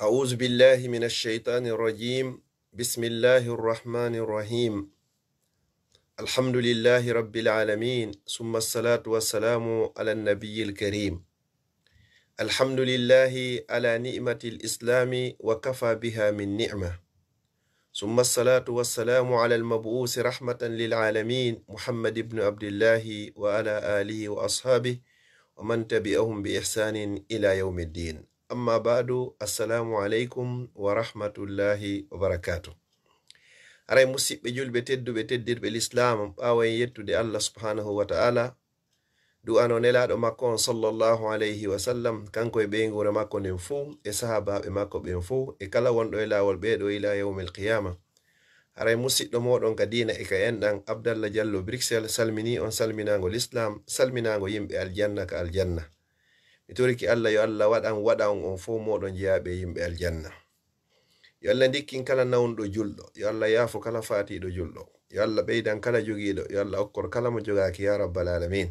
أعوذ بالله من الشيطان الرجيم بسم الله الرحمن الرحيم الحمد لله رب العالمين ثم الصلاة والسلام على النبي الكريم الحمد لله على نعمة الإسلام وكفى بها من نعمة ثم الصلاة والسلام على المبعوث رحمة للعالمين محمد بن عبد الله وعلى آله وأصحابه ومن تبعهم بإحسان إلى يوم الدين أما بعد assalamu aleykum wa rahmatullahi wa barakatu aray musidɓe julɓe tedduɓe teddirɓe l'islam ɓawan yettude allah subhanahu wa ta'ala du'ano nelaɗo makko on sallllahu alayhi wa sallam kanko e ɓeygure makko nden fuu e sahabaɓe makko ɓen fuu e kala wonɗo e lawol ɓeɗo ila yawmil qiyama aray musidɗo moɗon ka dina e ka enɗan abdallah diallo brixel salmini on salminago l'islam salminago yimɓe aljanna ka aljanna mi turiki allah yo allah waɗan waɗan on fo moɗo jeyaɓe yimɓe aljanna yo allah dikkin kala nawnuɗo julɗo yo allah yaafo kala fatiɗo julɗo yo allah ɓeydan kala jogiɗo yo allah okkor kala mo jogaki ya rabbal alamin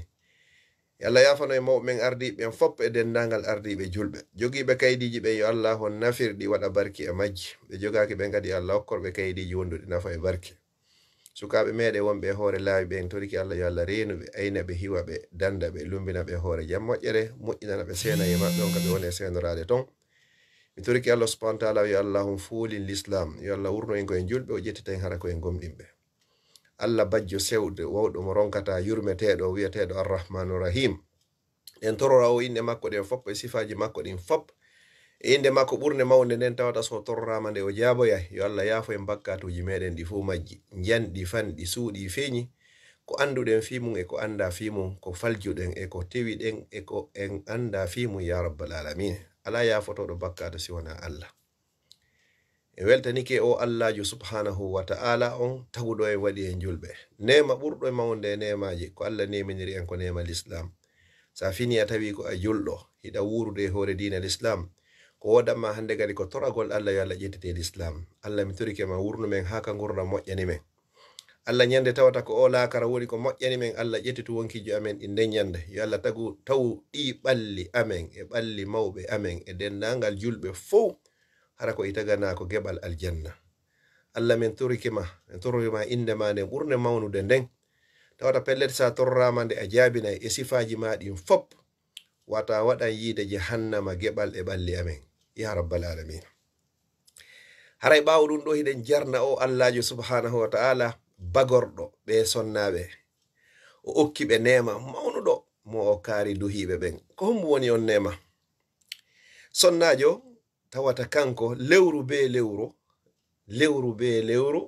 yo allah yafano e mawɓe ɓen ardiɓeɓen foppo e dendagal ardiɓe julɓe jogiɓe kaydiji ɓen yo allah hon nafirɗi waɗa barki e majji ɓe jogaki ɓen kadi yo allah okkorɓe kaydiji wonduɗi nafa e barki sukaɓe meɗe wonɓe e hoore laawi ɓen toriki allah yo allah renuɓe ayna ɓe hiwa ɓe danda ɓe lumbina ɓe e hoore jam moƴƴere moƴƴinana ɓe sena e maɓɓe on kaɓe woni e senorade ton mi toriki allah subahanau taala yo allah hum fuulin l'islam yo allah wurno en koyen julɓe o ƴettita en hara koyen gomɗinɓe allah bajjo sewde wawɗo mo ronkata yurmeteɗo wiyeteɗo arrahmanurrahim en tororawo inɗe makko ɗen foppo e sifaji makko ɗin foppo E inde makko ɓurde mawde nden tawata so torrama nde o jaboya yo allah yafo en bakkatuji meɗen ɗi fuu majji jandi fanɗi suuɗi feñi ko anduɗen fimum e ko anda fimum ko faljuɗen e ko tewiɗen e ko en anda fimum ya rabbal alamin ala yafotoɗo bakkatu siwana allah e weltanike o allahjo subhanahu wa ta'ala on tawuɗo en waɗi en julɓe nema ɓurɗo e mawde e nemaji ko allah neminiri en ko nema l'islam sa fini a tawi ko a julɗo hiɗa wurude e hoore dina l'islam ko wodanma hande gadi ko toragol allah yo allah ƴettetede islam allah mi torike ma wurnumen ha ka gurna moƴƴani men allah ñande tawata ko o laakara woni ko moƴƴani men allah ƴettitu wonkijo amen ɗi e nden ñande yo allah tagu taw ɗi ɓalli amen e ɓalli mawɓe amen e dendagal julɓe fo hara ko itagana e ko geɓal aljanna allah min torikema min torikema inde ma nden ɓurne mawnude nden tawata pellete sa torrama nde a jaabinayi e sifaji maɗin fop wata waɗan yiide jehannama geɓal e ɓalli amen ya rabbal alamin haray ɓawo ɗum ɗo hiɗen jarna o allahjo subhanahu wa ta'ala bagorɗo ɓe sonnaɓe o okki ɓe nema mawnuɗo mo o kaari duhiɓe ɓen ko hombo woni on nema sonnajo tawata kanko lewru be lewru lewru be lewru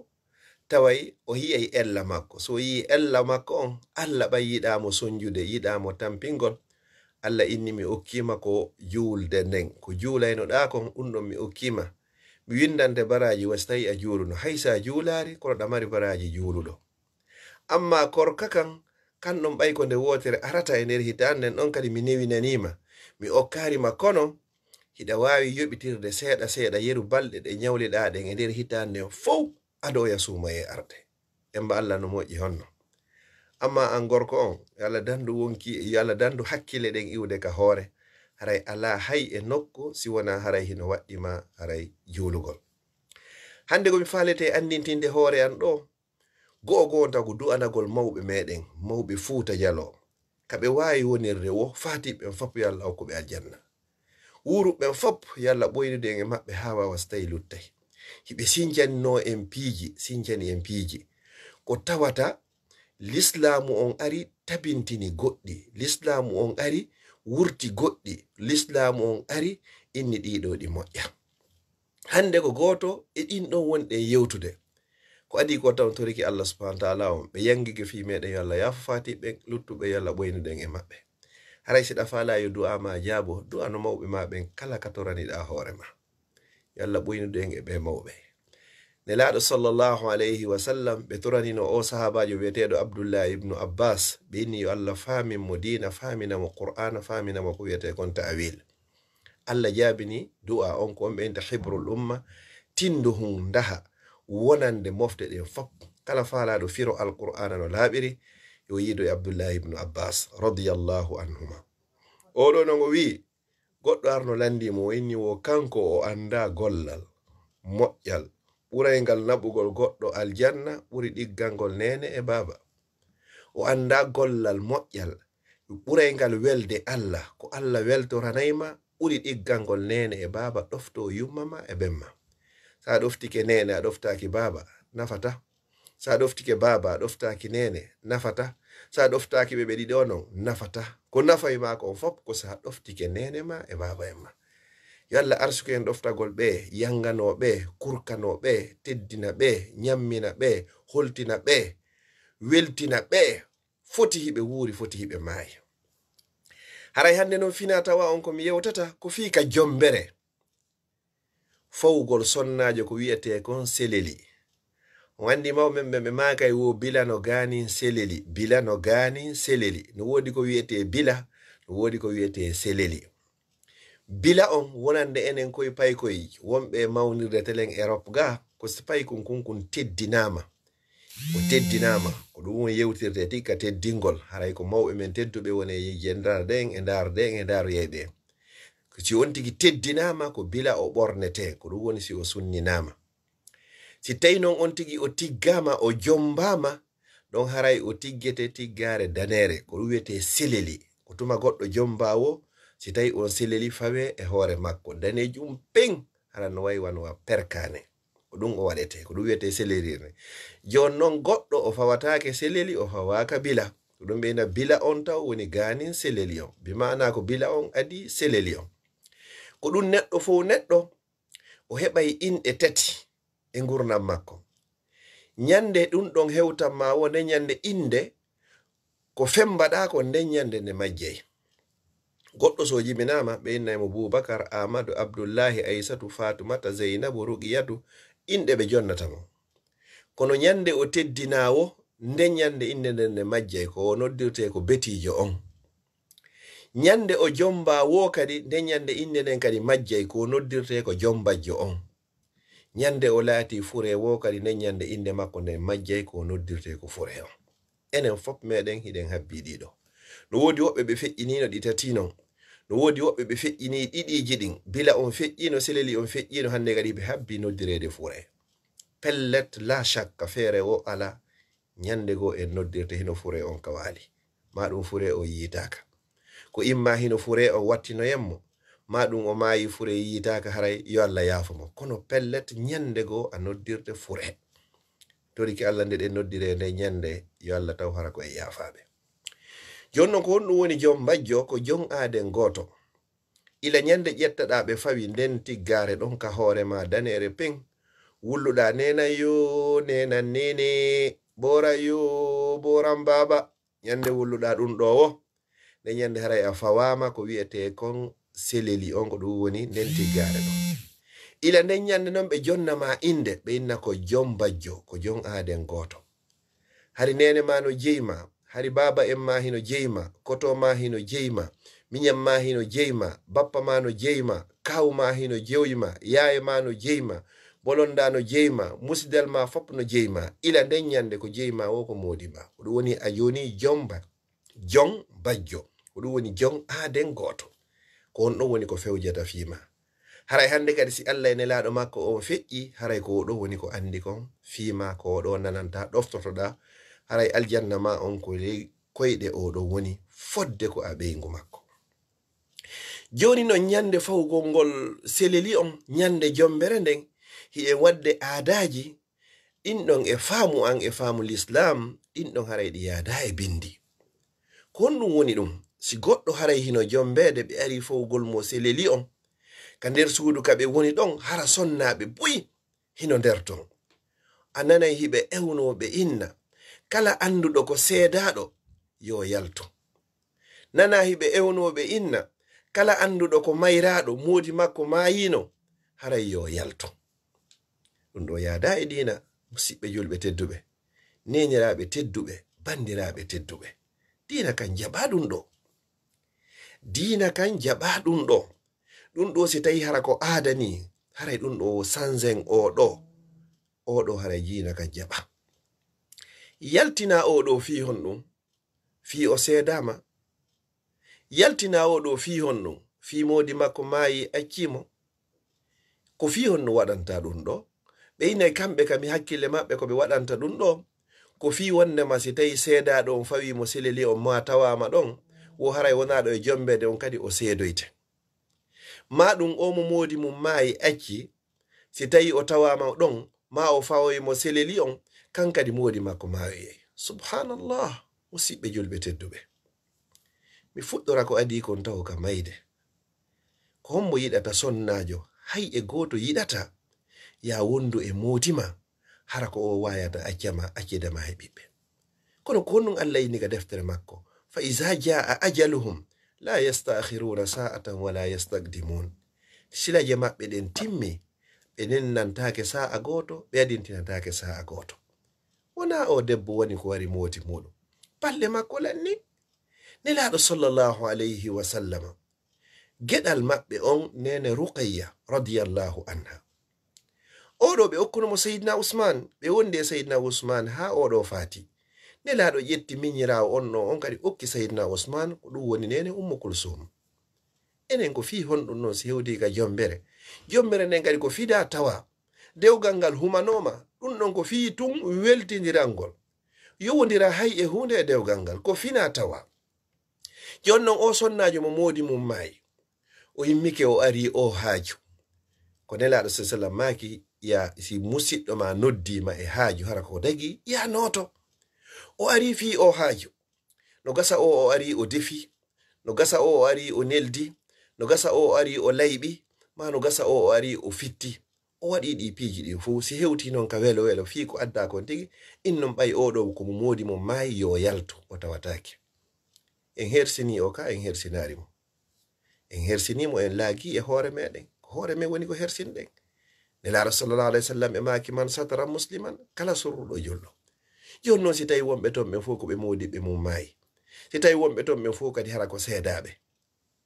taway o yi'ay ella makko so yi ella makko on allah ɓa yiɗamo sonjude yiɗamo tampingol allah inni mi okkima ko juulde nden ko juulayno ɗa kon ɗumɗon mi okkima mi windante baraji wasi tawi a juuluno haysa juulari kono ɗa mari baraji juuluɗo amma korka kan kanɗon ɓay ko nde wotere arata e nder hitan nden ɗon kadi mi newinanima mi okkarima kono hiɗa wawi yoɓitirde seeɗa seeɗa yeru balɗe ɗe nyawliɗa ɗen e nder hitan nden fo adoya sumaye arde emba allah no moƴƴi honno amma an gorko on yo allah dandu wonki yo allah dandu hakkille ɗen iwde ka hoore haray ala hay e nokku si wona haray hino waɗɗima haray juulugol hande komi faalete andintinde hoore an ɗo go'o gonta ko du'anagol mawɓe meɗen mawɓe fuuta jalo kaɓe wawi wonirde wo fatiɓɓen fop yo allah hokkuɓe aljanna wuruɓɓen fop yo allah ɓoynuden e maɓɓe ha wawa so tawi luttay hiɓe sinjanino en piiji sinjani en piiji ko tawata lislamu on ari tabintini goɗɗi lislamu on ari wurti goɗɗi lislamu on ari inni ɗiɗo ɗi moƴƴa hande ko goto e ɗinɗon wonɗe yewtude ko adi ko tan toriki allah subhana taala on ɓe yangige fi meɗen yoallah yafofatiɓe luttuɓe yoallah ɓoynuɗen e maɓɓe haray siɗa fala yo du'a ma jaabo du'a no mawɓe maɓen kala ka toraniɗa hoorema yoallah ɓoynuɗen e ɓe mawɓe ne laɗo sallllahu alayhi wasallam ɓe turanino o sahabajo wiyeteɗo abdullah ibnu abbas ɓe inni yo allah famin mo dina faminamo qur'ana faminamo ko wiyete kon ta'wil allah jabini du'a on ko on ɓe inta hibrul umma tinduhun daha wonande mofte ɗen fop kala falaɗo firo alqur'ana no laɓiri yo yiido e abdullah ibnu abbas radiallahu anhuma oɗo no ngo wi goɗɗo arno landimo o inni wo kanko o anda gollal moƴƴal ɓuraygal naɓugol goɗɗo aljanna ɓuri ɗiggalngol nene e baaba o annda gollal moƴƴal ɓuraygal welde allah ko allah weltoranayma ɓuri ɗiggalngol nene e baaba ɗofto yumma ma e ɓenma sa a ɗoftike nene a ɗoftaki baaba nafata sa a ɗoftike baaba a ɗoftaki nene nafata sa a ɗoftaki ɓe ɓe ɗiɗo non nafata ko nafayima kon fop ko sa ɗoftike nene ma e baaba en ma yo allah arsuku'en ɗoftagol ɓe yanganoɓe kurkanoɓe teddina ɓe nyammina ɓe holtina ɓe weltina ɓe foti hiɓe wuuri foti hiɓe maayi haray hannde noon fina tawa on ko mi yewtata ko fii ka jombere fowgol sonnaajo ko wi'ete kon seleli on anndi mawɓe ɓe ɓe maaka e wo bila no gaanin seleli bila no gaanin seleli no woodi ko wi'ete bila no woodi ko wi'ete seleli bila on wonande enen koye paykoye wonɓe mawnirde telen e europe ga ko si paykon kon kon teddinama o teddinama ko ɗum won yewtirde ti ka teddingol haray ko mawɓe men tedduɓe woni yendar den e ndar den e ndar yeyɓe si on tigi teddinama ko bila o ɓornete ko ɗum woni si o sunninama si tawi noon on tigi o tiggama o jombama ɗon haray o tiggete tiggare danere ko ɗum wiyete seleli ko tuma goɗɗo jombawo si tawi on sileli fawe e hoore makko danejum pen aran no wawi wanowa perkane ko ɗum o waɗete ko ɗum wiyete selerirne joni noon goɗɗo o fawatake seleli o fawaka bila ɗum ɓeyna bila on taw woni ganin seleli on bimana ko bila on adi seleli on ko ɗum neɗɗo fo neɗɗo o heɓay inɗe tati e gurnam makko nyande ɗum ɗon hewtan ma wo nde nyande inde ko fembaɗa ko nde nyande nde majjeyi goɗɗo so jibinama ɓe innaymo boubacar amadou abdoullahi aissatou fatoumata zeynabou rougiyatou inɗe ɓe jonnata mo kono nyande o teddinawo nden yande inde nden nde majjay ko o noddirte ko betijo on nyande o jomba wo kadi nden yande inde nden kadi majjay ko o noddirte ko jombajjo on nyande o laati fure wo kadi nden yande inde makko nden majjay ko o noddirte ko fure on enen fop meɗen hiɗen habbiɗiɗo no wodi woɓɓe ɓe feƴƴinino ɗi tati non no wodi woɓɓe ɓe feƴƴini ɗiɗiji ɗin bila on feƴƴino seleli on feƴƴino hande kadi ɓe habbi noddirede fure pellet la chakka feere o ala ñandego en noddirte hino fure on kawali ma ɗum fure o yiitaka ko imma hino fure on wattino yemmo ma ɗum o mayi fure yiitaka haray yo allah yaafo mo kono pellet ñandego a noddirte fure toriki allah ndeɗen noddire nde ñande yo allah taw hara ko e yaafaɓe jooni noon ko honɗum woni jom mbajjo ko jon aaden gooto ila ñannde ƴettaɗaa ɓe fawi nden tiggaare ɗon ka hoore ma daneere pen wulluɗaa nenan yo nenan nene boora yo booran baaba ñannde wulluɗaa ɗum ɗoo wo nde ñannde haray a fawaama ko wi'etee kon seleli on ko ɗum woni nden tiggaare ɗon ila nden ñannde noon ɓe jonnama inde ɓe inna ko jom mbajjo ko jon aaden gooto hari nene ma no jeyi ma hari baba en ma hino jeyma koto ma hino jeyma miñam ma hino jeyma bappa ma no jeyma kaw ma hino jewyma yaye ma no jeyma bolonda no jeyma musidal ma fop no jeyma ila nden ñande ko jeyma wo ko modima oɗum woni a joni jomba jon bajjo oɗum woni jon aden goto ko on ɗon woni ko fewjata fima haray hande kadi si allah e nelaɗo makko on feƴƴi haray ko oɗo woni ko andi kon fima ko oɗo nananta ɗoftotoɗa haray aljanna ma on ko koyɗe oɗo woni fodde ko a ɓeygu makko joni non nyande fawgol ngol seleli on nyande jombere nden hie wadde aadaji ɗinɗon e faamu an e faamu l'islam ɗinɗon haray ɗi yaada e bindi ko honɗum woni ɗum si goɗɗo haray hino jombeede ɓe ari fawgol mo seleli on ka nder suudu ka ɓe woni ɗon hara sonnaɓe buyi hino nder ton a nanay hiɓe ewnoɓe inna kala anduɗo ko seedaɗo yo yalto nana hiɓe ewnoɓe inna kala anduɗo ko mayraɗo moodi makko mayino haray yo yalto ɗum ɗo yada e dina musiɓɓe julɓe tedduɓe neniraɓe tedduɓe bandiraɓe tedduɓe dina kan jaɓa ɗum ɗo dina kan jaɓa ɗum ɗo ɗum ɗo si tawi hara ko aadani haray ɗum ɗo sansen oɗo oɗo haray jina kan jaɓa yaltina o ɗo fihon ɗum fi o sedama yaltina o ɗo fihon ɗum fi modi makko mayi accimo ko fihon no waɗanta ɗum ɗo ɓeynai kamɓe kam mi e hakkille maɓɓe ko ɓe waɗanta ɗum ɗo ko fi wondema si tawi seedaɗo on fawimo seleli on ma tawama ɗon wo haray wonaɗo e jombede on kadi o seedoyte ma ɗum o mo modi mum mayi acci si tawi o tawama ɗon ma o fawoymo seleli on kankadi mowodi makko mawiyey subhanallah musibɓe julɓe tedduɓe mi fuɗɗora ko adi kon taw ka mayde ko hommo yiɗata sonnajo hay e goto yiɗata ya wondu e motima hara ko o wayata accama accidama he ɓiɓɓe kono ko honnon allah yiniga deftere makko fa isa jaa ajaluhum la yastahiruna sa'atan wala yastakdimun silaje maɓɓe ɗen timmi ɓe nennantake sa'a goto ɓe adintinantake sa'a goto wona o debbo woni ko wari mooti muɗum balle makko lanni nelaɗo sallllahu alayhi wasallama geɗal maɓɓe on nene rukayya radiallahu anha oɗo ɓe okkunomo sayidna usman ɓe wondi e sayidna usman ha oɗo fati nelaɗo ƴetti minirawo on ɗo on kadi okki sayidna usman ko ɗum woni nene ummakulsum enen ko fi honɗum non si hewdiga jombere jombere nden kadi ko fida tawa dewgal ngal humanoma ɗum ɗon ko fii tun weltidirangol yowodira hay e hunde e dewgal ngal ko fina tawa jon non o sonnajo mo modi mum maayi o yimmike o ari o haaju ko nelaɗo sa sallam maaki ya si musiɗɗo ma noddima e haaju hara ko dagi ya noto o ari fi o haaju no gasa o o ari o defi no gasa o o ari o neldi no gasa o o ari o layɓi ma no gasa o o ari o fitti owaɗi ɗi piiji ɗin fuu si hewti noon ka welo welo fii ko adda kon tigi in non ɓayi oɗo ko mo moodi mo maayi yo yalto o tawataake en hersini o ka en hersinaari mo en hersinimo en laagi e hoore meɗen hoore men woni ko hersinɗen nelaara salllah alah w sallam e maaki man sataran musliman kala sorruɗo jullo joni noon si tawi wonɓe ton ɓen fuu ko ɓe moodi ɓe mum maayi si tawi wonɓe ton ɓen fuu kadi hara ko seedaaɓe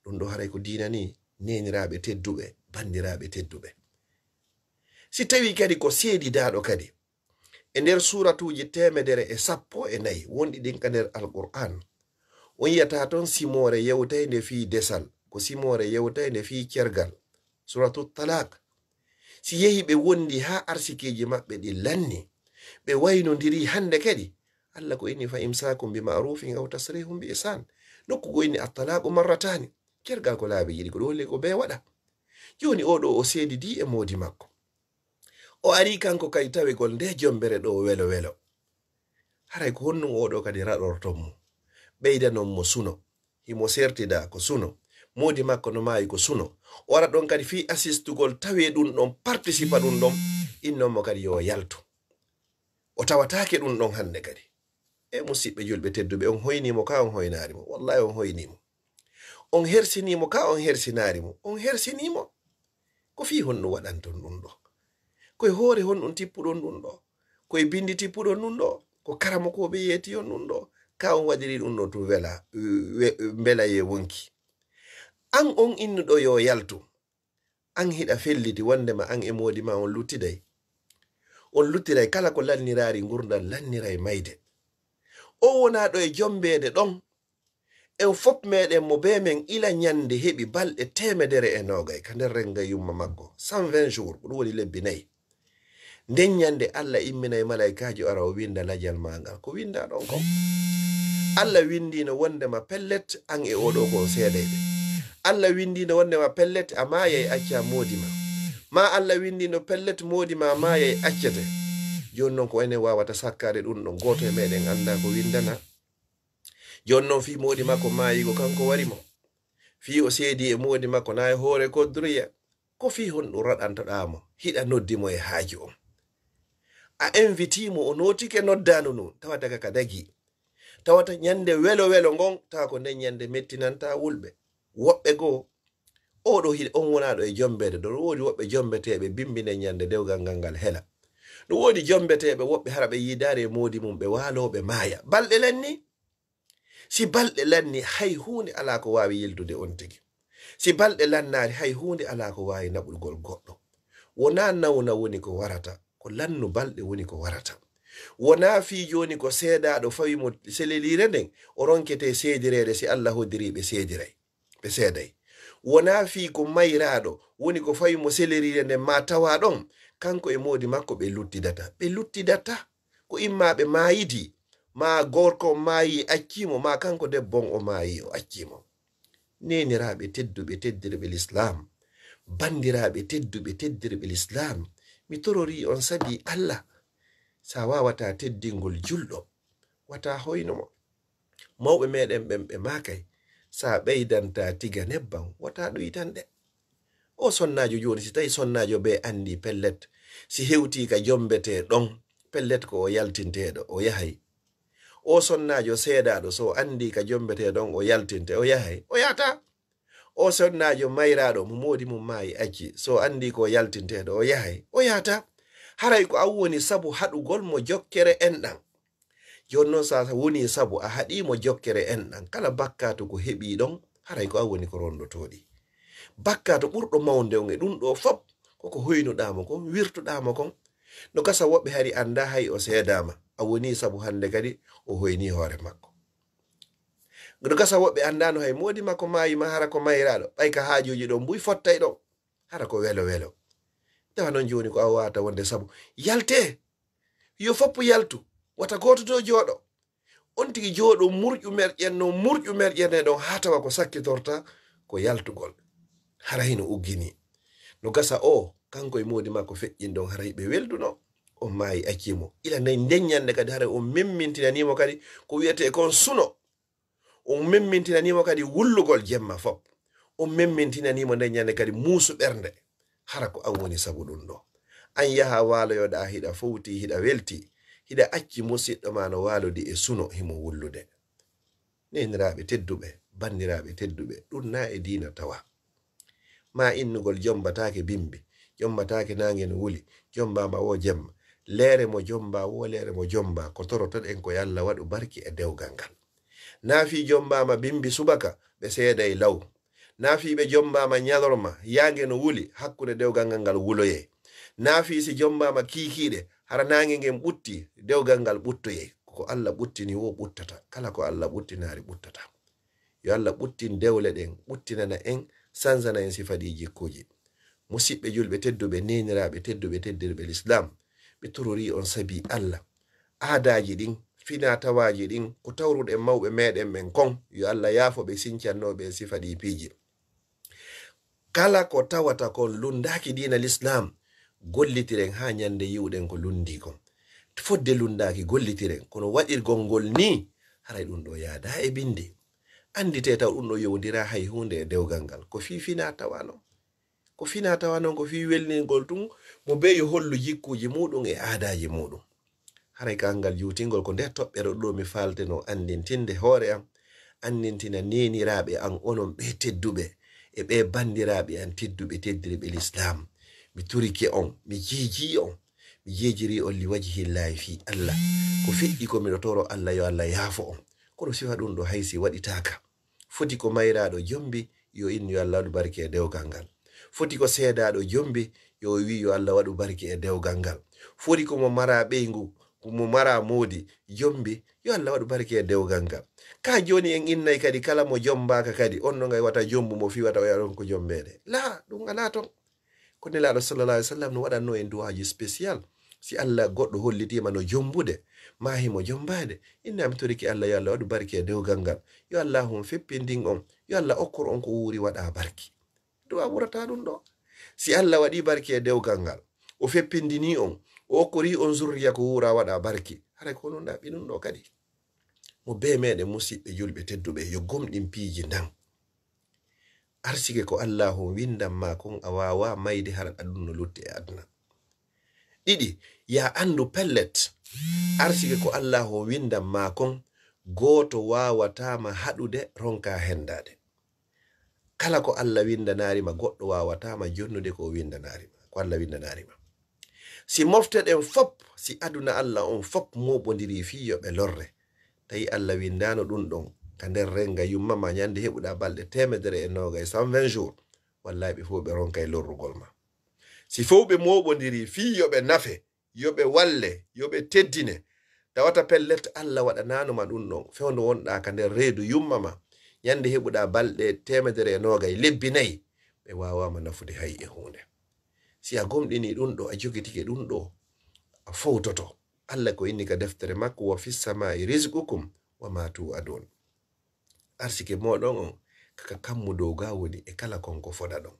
ɗum ɗo haray ko diinani neeniraaɓe tedduɓe banndiraaɓe tedduɓe si tawi kadi ko seedidaɗo kadi e nder suratuji temedere e sappo e nayi wonɗi ɗin ka nder alqur'an on yiyata ton simore yewtay nde fi desal ko simore yewtay nde fi kergal suratu talak si yehi ɓe wondi ha arsikiji maɓɓe ɗi lanni ɓe waynodiri hande kadi allah ko inni fa imsakum bi marufin aw tasrihum bi isan nokku ko inni attalaku marratani kergal ko laabi yiɗi ko ɗo holli ko be waɗa joni oɗo o seedidi e modi makko o ari kanko kay tawigol nde jombere ɗo welo welo haray ko honnum oɗo kadi raɗorton mo ɓeydanon mo suno himo sertida ko suno modi makko no mawi ko suno wara ɗon kadi fi assistugol tawe ɗum ɗon participa ɗum ɗon innonmo kadi yo yaltu o tawatake ɗum ɗon hande kadi e musidɓe julɓe tedduɓe on hoynimo ka on hoynarimo wallahi on hoynimo on hersinimo ka on hersinarimo on hersinimo ko fi honɗum waɗanton ɗum ɗo koye hoore hon ɗon tippuɗon ɗum ɗo koye bindi tippuɗon ɗum ɗo ko karama koɓe yeeti on ɗum ɗo ka on waɗiri ɗum ɗon tu wela mbela ye wonki an on innuɗo yo yaltu an hiɗa felliti wondema an e modi ma on luttiday on luttiray kala ko lanniraari ngurdan lanniray mayde o wona ɗo e jombede ɗon en fop meɗen mo be men ila nyande heɓi balɗe temedere e nogay ka nder rengay yumma makko 120 jour ko ɗum woni lebbi nayyi ndeññande allah immina e malaikaji ara o winda lajal ma ngal ko winda ɗon kon allah windino wondema pellet an e oɗo kon seeɗeɓe allah windino wondema pellet a maya e acca modima ma allah windino pellet modima maya e accete joni noon ko enen wawata sakkade ɗum ɗon goto e meɗen anda ko windana joni noon fi modi makko mayigo kanko warimo fi o seedi e modi makko na e hoore koddoroya ko fi honɗum raɗantaɗamo hiɗa noddimo e haaji on a invitimo o notike noddanu nu tawa daga ka dagi tawata yande welo welo ngon tawa ko nden yande mettinanta wulɓe woɓɓe go oɗo hi on wonaɗo e jombede ɗo wodi woɓɓe jombeteɓe bimbi nden yande dewgal ngal ngal hela ɗum wodi jombeteɓe woɓɓe hara ɓe yidare e modi mum ɓe waloɓe maya balɗe lanni si balɗe lanni hay hunde ala ko wawi yildude on tigi si balɗe lannari hay hunde ala ko wawi naɓulgol goɗɗo wona nawnawoni ko warata ko lannu balɗe woni ko warata wona fi joni ko seeɗaɗo fawi mo selelire nden o ronkete seedirede si allah hoddiri ɓe seedira ɓe seeday wona fi ko mayraɗo woni ko fawi mo selelire nden ma tawa ɗon kanko e modi makko ɓe luttidata ɓe luttidata ko immaɓe mayidi ma gorko mayi accimo ma kanko debbon o mayi o accimo neniraɓe tedduɓe teddirɓe l'islam bandiraɓe tedduɓe teddirɓe l'islam mi torori on sabi allah sa wawata teddingol julɗo wata hoynomo mawɓe meɗen ɓen ɓe makay sa ɓeydanta tiga nebban wata ɗuytanɗe o sonnajo joni si tawi sonnajo be andi pellet si hewti ka jombete ɗon pellet ko o yaltinteɗo o yahay o sonnajo seeɗaɗo so andi ka jombete ɗon o yaltinte o yahay o yata o sonnajo mayraɗo mo modi mum mayi acci so andi ko yaltinteɗo o yahay o yahata haray ko an woni sabu haɗugol mo jokkere enɗan jon non sa woni sabu a haɗimo jokkere enɗan kala bakkatu ko heɓi ɗon haray ko an woni ko rondotoɗi bakkatu ɓurɗo mawde on e ɗum ɗo fop koko hoynuɗamo kon wirtuɗamo kon no gasa woɓɓe hari anda hay o sedama a woni sabu hande kadi o hoyni hoore makko goɗo gasa woɓɓe anndano hay modi makko ma hara ko mayiraɗo ɓay ka haajuji ɗo mbuy fottay ɗo hara ko welo welo tawa noon joni ko a wonde sabu yalte yo foppu yaltu wata goto to jooɗo on tigi jooɗo murƴu merƴen no murƴu merƴene ɗon ha tawa ko sakkitorta ko yaltugol hara hino uggini no gasa o kanko e modi makko feƴƴin ɗon hara ɓe welduno on maayi accimo ila nayi ndeññande kadi hara o memmintinanimo kadi ko wiyete kon suno on memmintinanimo kadi wullugol jemma fop on memmintinanimo nde ñande kadi muusu ɓernde hara ko an woni sabu ɗum ɗo an yaha waloyoɗa hiɗa fowti hiɗa welti hiɗa acci musiɗɗo ma no walodi e suno himo wullude neniraɓe tedduɓe bandiraɓe tedduɓe ɗum na e dina tawa ma innugol jombatake bimbi jombatake nage no wuli jombama wo jemma leere mo jomba wo leere mo jomba ko torotoɗen ko yo allah waɗu barki e dewgal ngal naafi jombama bimbi subaka ɓe seeday law naafi ɓe jombama nyalorma yaage no wuli hakkunde dewgal ngal ngal wuloye naafi si jombama kiikiiɗe hara naange ngen ɓutti dewgal ngal ɓuttoye ko allah ɓuttini wo ɓuttata kala ko allah ɓuttinaari ɓuttata yo allah ɓuttin dewle ɗen ɓuttinana en sansana en sifaɗi jikkuji musidɓe julɓe tedduɓe neniraɓe tedduɓe teddirɓe l'islam ɓe torori on sabi allah aadaji ɗin finatawaji ɗin ko tawruɗen mawɓe meɗen men kon yo allah yafo ɓe sincannoɓe sifa ɗipiji kala ko tawata kon lundaki dina l'islam gollitiren ha nyande yiwɗen ko lundi kon fodde lundaki gollitiren kono waɗirgol ngol ni haray ɗum ɗo yada e binde andite taw ɗum ɗo yowdira hay hunde e dewgal ngal ko fi finatawa non ko finatawa non ko fi welningol tun mo be yo hollu jikkuji muɗum e aadaji muɗum hara kalngal yutingol ko nde toɓɓere ɗo mi falde no andintinde hoore am andintina niniraɓe an onon ɓe tedduɓe e ɓe bandiraɓe an tedduɓe teddiriɓe l'islam mi turike on mi jiji on mi jejiri on li waji hillahi fi allah ko feƴƴi ko miɗo toro allah yo allah yaafo on kono sifa ɗum ɗo haysi waɗitaka foti ko mayraɗo jombi yo inni yo allah waɗu barke e dewgal ngal foti ko seedaɗo jombi yo wi yo allah waɗu barke e dewgal ngal foti komo mara ɓeygu mo mara modi yombi yo allah waɗu barke e dewgal ngal ka joni en innayi kadi kala mo jombaka kadi on no ngay wata jombu mo fiwata o yaɗon ko jombede la ɗum ala ton ko nelaɗo sallallah alih sallam no waɗanno en duwaji spécial si allah goɗɗo hollitima no jombude mahi mo jombade innami toriki allah yo allah waɗu barke e dewgal ngal yo allah hon feppindin on yo allah okkor on ko wuri waɗa barki duwa ɓurata ɗum ɗo si allah waɗi barke e dewgal ngal o feppindini on o kori on zurriya ko wura waɗa barki hara ko nonɗa ɓinunɗo kadi mo be meɗen musidɓe julɓe tedduɓe yo gomɗin piiji ndan arsike ko allahu windanma kon a wawa mayde har aɗum no lutte e aduna ɗiɗi ya andu pellet arsike ko allahu windanma kon goto wawatama haɗude ronka hendade kala ko allah windanarima goɗɗo wawatama jonnude ko windanarima ko allah windanarima si mofteɗen fop si aduna allah on fop moɓodiri fi yoɓe lorre tawi allah windano ɗum ɗon ka nder renga yummama ñande heɓuɗa balɗe temedere e noga e cent vingt jour wallahi ɓe fof ɓe ronka e lorrugol ma si fof ɓe moɓodiri fi yoɓe nafe yoɓe walle yoɓe teddine tawata pellet allah waɗananoma ɗum ɗon fewdo wonɗa ka nder reedu yummama ñande heɓuɗa balɗe temedere e noga e lebbi nayyi ɓe wawama nafude hay e hunde si a gomɗini ɗum ɗo a jogitike ɗum ɗo a fowtoto allah ko inni ka deftere makko wa samai risgukum wa ma tu'adun arsike moɗon on kaka kammu dow ga woni e kala konko foɗa ɗon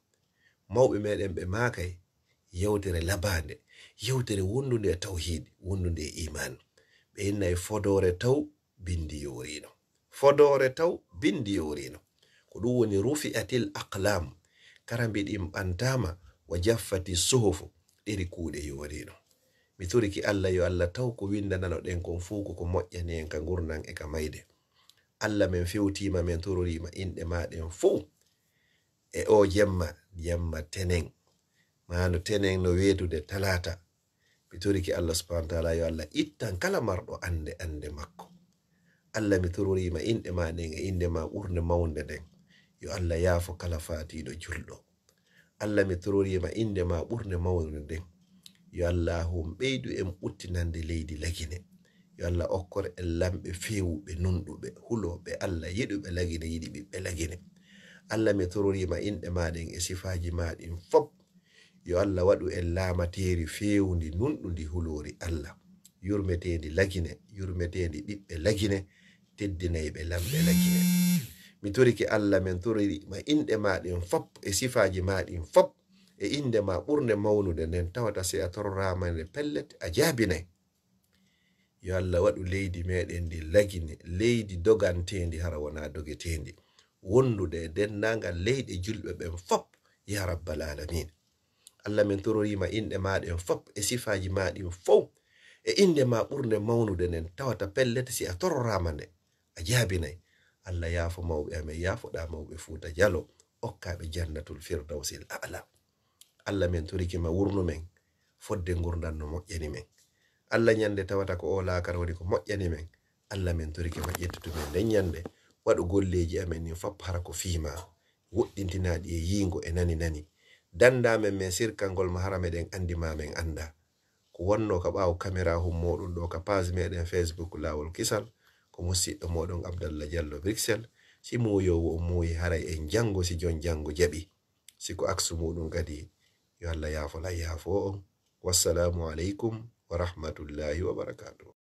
mawɓe meɗen ɓe makay yewtere labande yewtere wondude e tawhid wondude e iman ɓe inna e fodore taw bindi yorino fodore taw bindi yorino ko ɗum woni rufi atil aqlam kara mbiɗin ɓantama wa jaffati sohofu ɗiri kuuɗe yoriɗo mi turiki allah yo allah taw ko windananoɗen kon fuu ko ko moƴƴani en ka gurnan e ka mayde allah min fewtima min tururima inɗe maɗen fuu e o jemma jemma tenen mano tenen no wedude talata mi turiki allah subhanau taala yo allah ittan kala marɗo ande ande makko allah mi tururima inɗe maɗen e indema ɓurde mawde nden yo allah yaafo kala fatiɗo julɗo allah mi tororiyema inde ma ɓurde mawnude nden yo allahum ɓeydu en ɓuttinande leydi lagine yo allah okkor en lamɓe fewuɓe nunɗuɓe huloɓe allah yiɗuɓe lagine yiɗi ɓiɓɓe lagine allah mi tororiyema inɗe maɗen e sifaji maɗin fop yo allah waɗu en laamateri fewundi nunɗudi hulori allah yurmetendi lagine yurmetendi ɓiɓɓe lagine teddinayiɓe lamɓe lagine mi turiki allah min turiri ma inɗe maɗin fop e sifaji maɗin fop e indema ɓurde mawnude nden tawata sey a tororamande pellet a jaabinayi yo allah waɗu leydi meɗen ndi lagine leydi dogantendi hara wona dogetendi wondude e dennagal leyɗe julɓe ɓen fop ya rabbal alamina allah min tororima inɗe maɗen fop e sifaji maɗin fow e indema ɓurde mawnude nden tawata pellet si a tororama nde a jaabinayi allah yaafo mawɓe amin yaafoɗa mawɓe fuu da jalo okkaɓe jannatul firdausil ala allah min turikima wurnu men fodde gurdan no moƴƴani men allah ñande tawata ko o laakar woni ko moƴƴani men allah min turikima ƴettutumen nden ñande waɗu golleji amin ni fop hara ko fiima woɗɗintinaɗi e yiingo e nani nani dandamen min sirkal ngol mahara meɗen andima men anda ko wonno ka ɓaawo caméra hummoɗum ɗo ka page meɗen facebook lawol kisal ko musiɗɗo moɗon abdallah diallo bruxelles si moyowo o muyi haray en jango si jon jango jaɓi siko aksu muɗum kadi yo allah yafola yafo on wassalamu aleykum wa rahmatullahi wa barakatuh